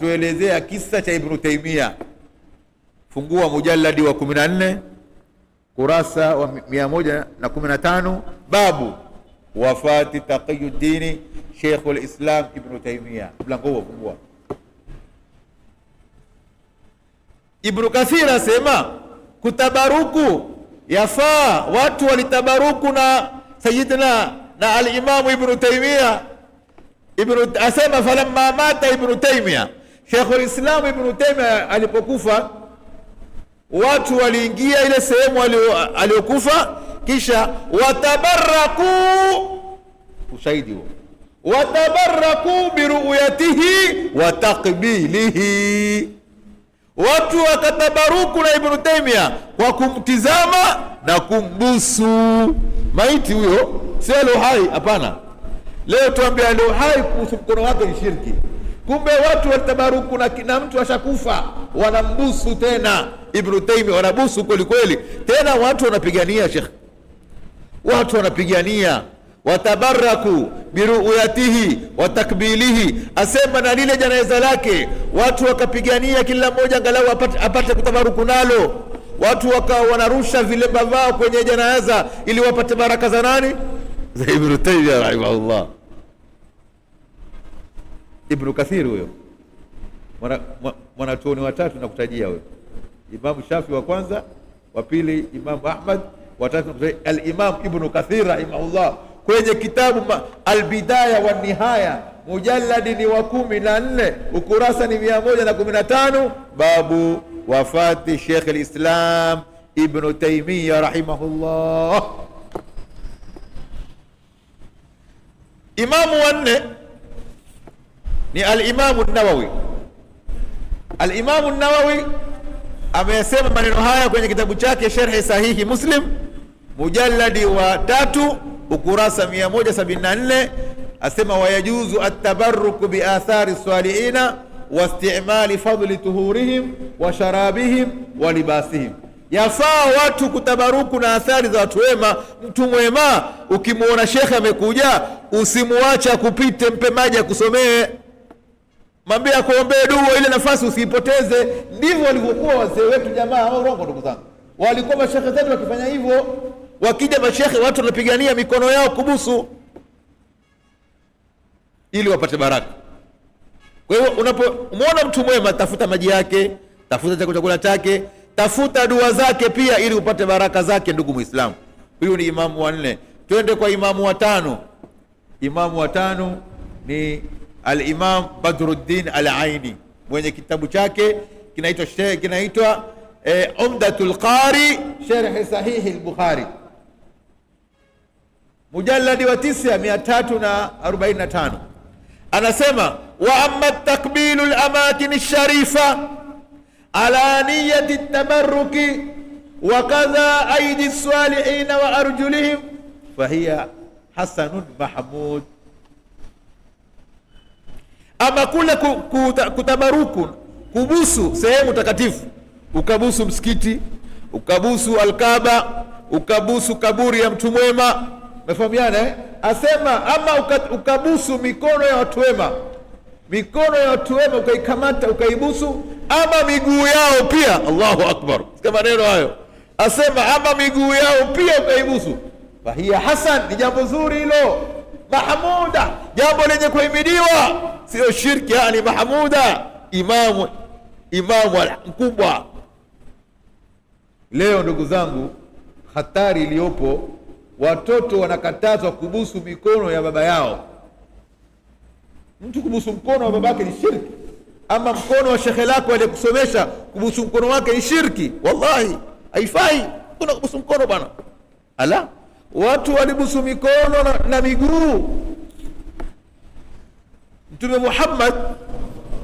tuelezea kisa cha Ibnu Taimia. Fungua mujalladi wa 14 kurasa wa 115, babu wafati Taqiyuddin Sheikhul Islam Ibnu Taimia. Mlango huo fungua. Ibnu Kathir asema kutabaruku yafaa, watu walitabaruku na Sayyidina na alimamu Ibnu Taimia. Ibnu asema falamma mata Ibnu Taimia Sheikhul Islam Ibn Taymiyyah alipokufa, watu waliingia ile sehemu aliyokufa, kisha watabaraku ushahidi huo watabaraku biruyatihi wa takbilihi, watu wakatabaruku na Ibn Taymiyyah kwa kumtizama na kumbusu maiti huyo, sio alio hai. Hapana, leo tuambia alio hai kuhusu mkono wake ni shirki. Kumbe watu walitabaruku na kina mtu ashakufa, wanambusu tena. Ibnu Taimi wanabusu kweli kweli, tena watu wanapigania Sheikh, watu wanapigania watabaraku biruyatihi watakbilihi, asema na lile janaeza lake watu wakapigania, kila mmoja angalau apate, apate kutabaruku nalo. Watu wakawa wanarusha vilemba vao kwenye janaeza ili wapate baraka za nani? Za Ibnu Taimi rahimahullah. Ibnu Kathir huyo mwanachuoni watatu nakutajia huyo, Imamu Shafi wa kwanza, wa pili Imamu Ahmad, watatu Al-Imam Ibnu Kathir rahimahullah kwenye kitabu Albidaya wa Nihaya mujalladi ni wa kumi na nne ukurasa ni mia moja na kumi na tano babu wafati Sheikh Lislam Ibn Taymiyyah rahimahullah, imamu wanne ni Alimamu Nawawi. Alimamu Nawawi ameyasema maneno haya kwenye kitabu chake Sharhi Sahihi Muslim mujalladi wa tatu ukurasa 174, asema wayajuzu atabaruku biathari salihina wastimali fadli tuhurihim wa sharabihim wa libasihim, yafaa watu kutabaruku na athari za watu wema. Mtu mwema ukimwona shekhe amekuja, usimuacha kupite, mpe maji akusomee mwambie akuombee dua, ile nafasi usiipoteze. Ndivyo walivyokuwa wazee wetu jamaa au Rombo, ndugu zangu, walikuwa mashehe zetu wakifanya hivyo. Wakija mashehe, watu wanapigania mikono yao kubusu ili wapate baraka. Kwa hiyo unapomwona mtu mwema, tafuta maji yake, tafuta chakula chake, tafuta dua zake pia, ili upate baraka zake. Ndugu Muislamu, huyu ni imamu wa nne. Twende kwa imamu wa tano. Imamu wa tano ni Al-Imam Badruddin Al-Aini mwenye kitabu chake kinaitwa kinaitwa e, Umdatul Qari sharh sahihi al-Bukhari mujalladi wa tisa mia tatu na arobaini na tano anasema wa amma takbilu lamakin sharifa ala niyati tabaruki wa kadha aidi salihina wa arjulihim fahiya hasanun mahmud ama kule kutabaruku, kubusu sehemu takatifu, ukabusu msikiti, ukabusu Alkaba, ukabusu kaburi ya mtu mwema. mefahamiana eh? Asema ama ukabusu mikono ya watu wema, mikono ya watu wema ukaikamata, ukaibusu, ama miguu yao pia. Allahu akbar, sika maneno hayo. Asema ama miguu yao pia ukaibusu, fahiya hasan, ni jambo zuri hilo mahmuda, jambo lenye kuhimidiwa, sio shirki. Yani mahmuda, imamu imamu mkubwa. Leo ndugu zangu, hatari iliyopo, watoto wanakatazwa kubusu mikono ya baba yao. Mtu kubusu mkono wa babake ni shirki, ama mkono wa shekhe lako aliyekusomesha kubusu mkono wake ni shirki. Wallahi haifai, kuna kubusu mkono bwana ala watu walibusu mikono na, na miguu Mtume Muhammad,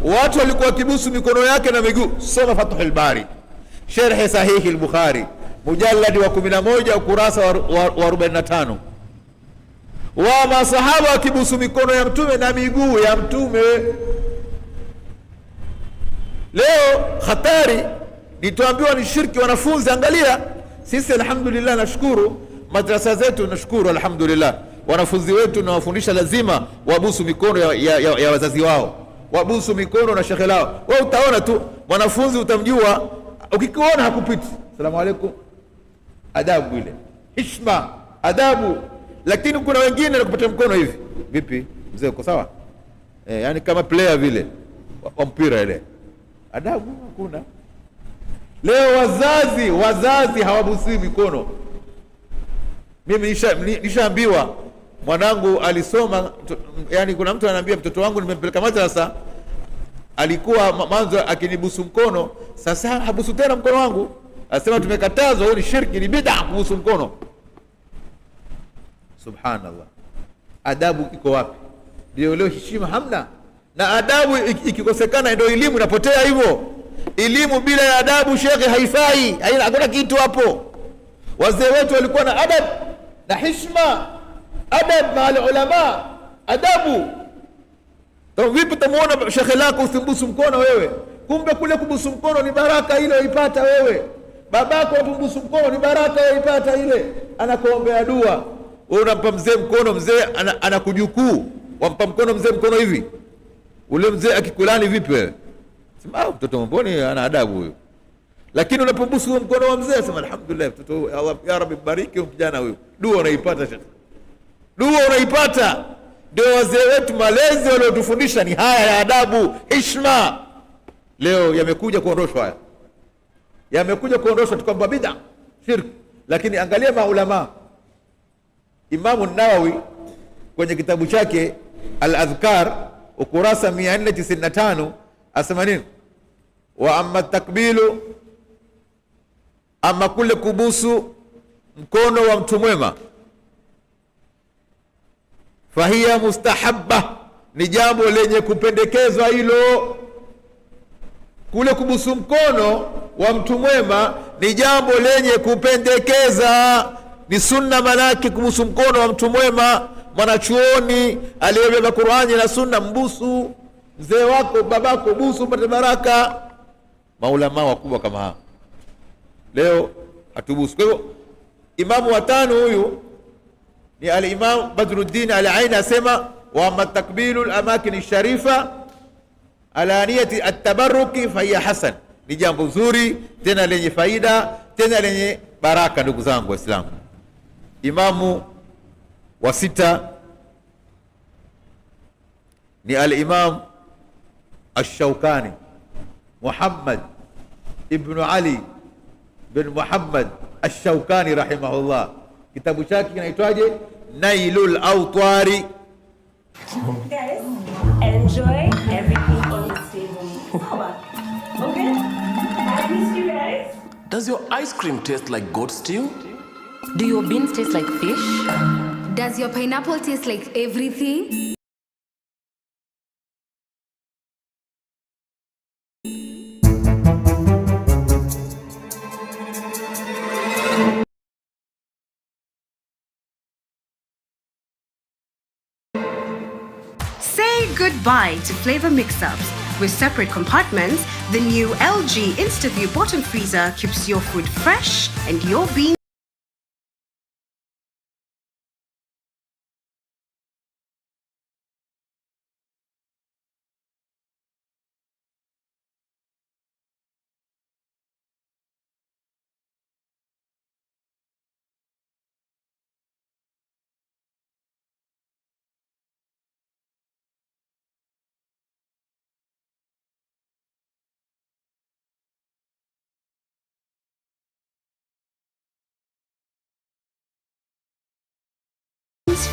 watu walikuwa wakibusu mikono yake na miguu. Soma fathu lbari sherhe sahihi lbukhari mujaladi wa 11 ukurasa wa 45 wa masahaba wakibusu mikono ya mtume na miguu ya mtume. Leo khatari nitoambiwa ni shirki wanafunzi. Angalia sisi, alhamdulillah nashukuru Madrasa zetu nashukuru, alhamdulillah, wanafunzi wetu nawafundisha lazima wabusu mikono ya, ya, ya, ya wazazi wao, wabusu mikono na shekhe lao. Wewe utaona tu mwanafunzi utamjua, ukikuona hakupiti salamu aleikum, adabu ile hishma adabu. Lakini kuna wengine nakupata mkono hivi, vipi mzee, uko sawa e, Yani kama player vile wa mpira ile, adabu hakuna. Leo wazazi wazazi hawabusii mikono mimi nishaambiwa nisha mwanangu alisoma yani, kuna mtu ananiambia mtoto wangu nimempeleka madrasa, alikuwa mwanzo akinibusu mkono, sasa habusu tena mkono wangu, asema tumekatazwa, huyo ni shirki, ni bid'a kubusu mkono. Subhanallah, adabu iko wapi? Ndio leo heshima hamna, na adabu ikikosekana ndio elimu inapotea. Hivyo elimu bila ya adabu, shekhe, haifai, hakuna kitu hapo. Wazee wetu walikuwa na adabu na hishma, adab maal ulama, adabu. Vipi utamuona shekhe lako usimbusu mkono wewe? Kumbe kule kubusu mkono ni baraka ile uipata wewe. Babako akumbusu mkono ni baraka uipata ile, anakuombea dua wewe, unampa mzee mkono, mzee anakujukuu, wampa mkono mzee mkono hivi, ule mzee akikulani vipi wewe? Ah, mtoto mboni, ana adabu huyo. Lakini unapobusu huo mkono wa mzee asema alhamdulillah, mtoto huyu ya Rabbi, bariki huyu kijana huyu. Dua unaipata shekhe, dua unaipata. Ndio wazee wetu malezi waliotufundisha ni haya ya adabu, heshima. Leo yamekuja kuondoshwa haya, yamekuja kuondoshwa kwamba bid'a, shirki. Lakini angalia maulama, Imamu Nawawi kwenye kitabu chake Al-Adhkar ukurasa 495 asema nini? wa amma takbilu ama kule kubusu mkono wa mtu mwema, fahiya mustahabba, ni jambo lenye kupendekezwa hilo. Kule kubusu mkono wa mtu mwema ni jambo lenye kupendekeza, ni sunna. Manake kubusu mkono wa mtu mwema, mwanachuoni aliyebeba Qur'ani na sunna, mbusu mzee wako, babako, busu upate baraka. Maulamaa wakubwa kama hao leo atubusu. Kwa hivyo imamu watano huyu ni alimamu Badruddin Alaini asema wa amma takbilu lamakini sharifa ala niyati atabaruki fahiya hasan, ni jambo zuri tena lenye faida tena lenye baraka. Ndugu zangu Waislamu, imamu wa sita ni alimam Ashaukani Muhammad ibnu Ali bin Muhammad Ash-Shawkani rahimahullah. Kitabu chake kinaitwaje? Nailul Awtari. Guys, enjoy Does your ice cream taste like goat stew? Do your beans taste like fish? Does your pineapple taste like everything? buy to flavor mix ups. With separate compartments, the new LG InstaView bottom freezer keeps your food fresh and your beans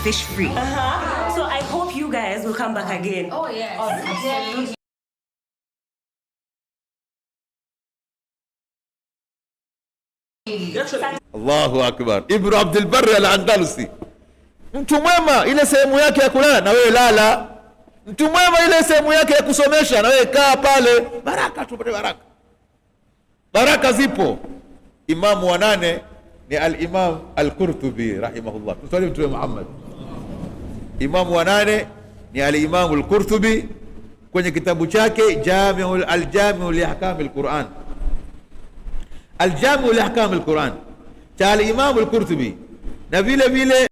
fish free. Uh-huh. So I hope you guys will come back again. Oh, yes. Absolutely. Allahu akbar. Ibnu Abdul al-Andalusi, mtu mwema, ile sehemu yake ya kulala na wewe lala. Mtu mwema, ile sehemu yake ya kusomesha na wewe kaa pale. Baraka tupate baraka, baraka zipo. Imamu wa nane ni alimam imam al-Qurtubi rahimahullah, tusalimu Mtume Muhammad Imamu wa nane ni Alimamu Lqurtubi kwenye kitabu chake Aljamiu liahkami lquran, Aljamiu liahkami lquran cha Alimamu Lqurtubi na vile vile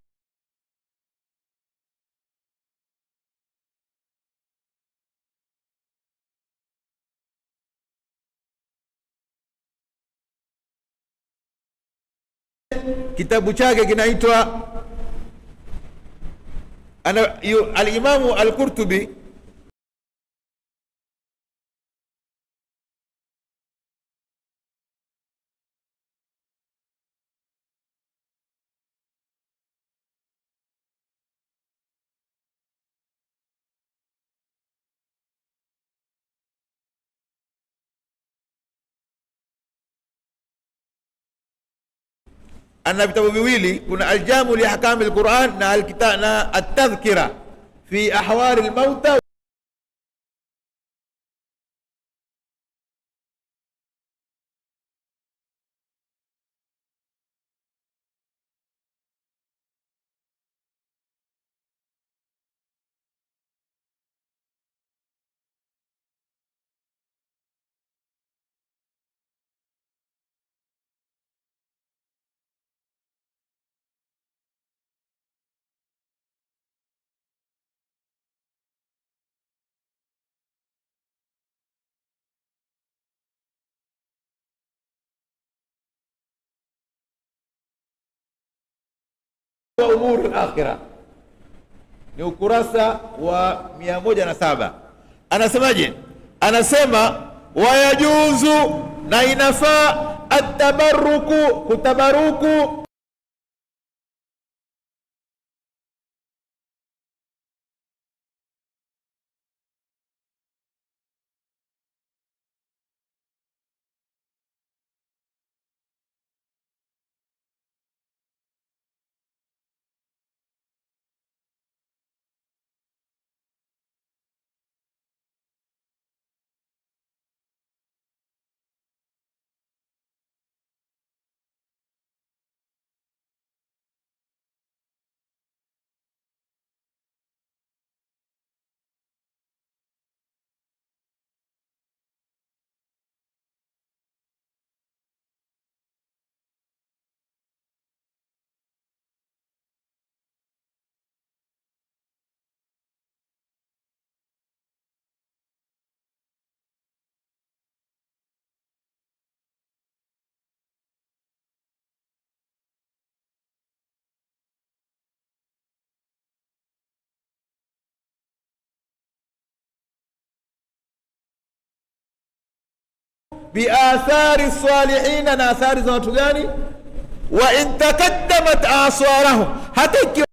kitabu chake kinaitwa أنا الإمام القرطبي ana vitabu viwili, kuna aljamu li ahkami alquran na atadhkira fi ahwali almauta wa umuri al ni ukurasa wa mia moja Anasemaje? Anasema wayajuzu, na inafaa atabaruku, kutabaruku biathari salihina, na athari za watu gani? Wa in takaddamat aswarahum, hata ikiwa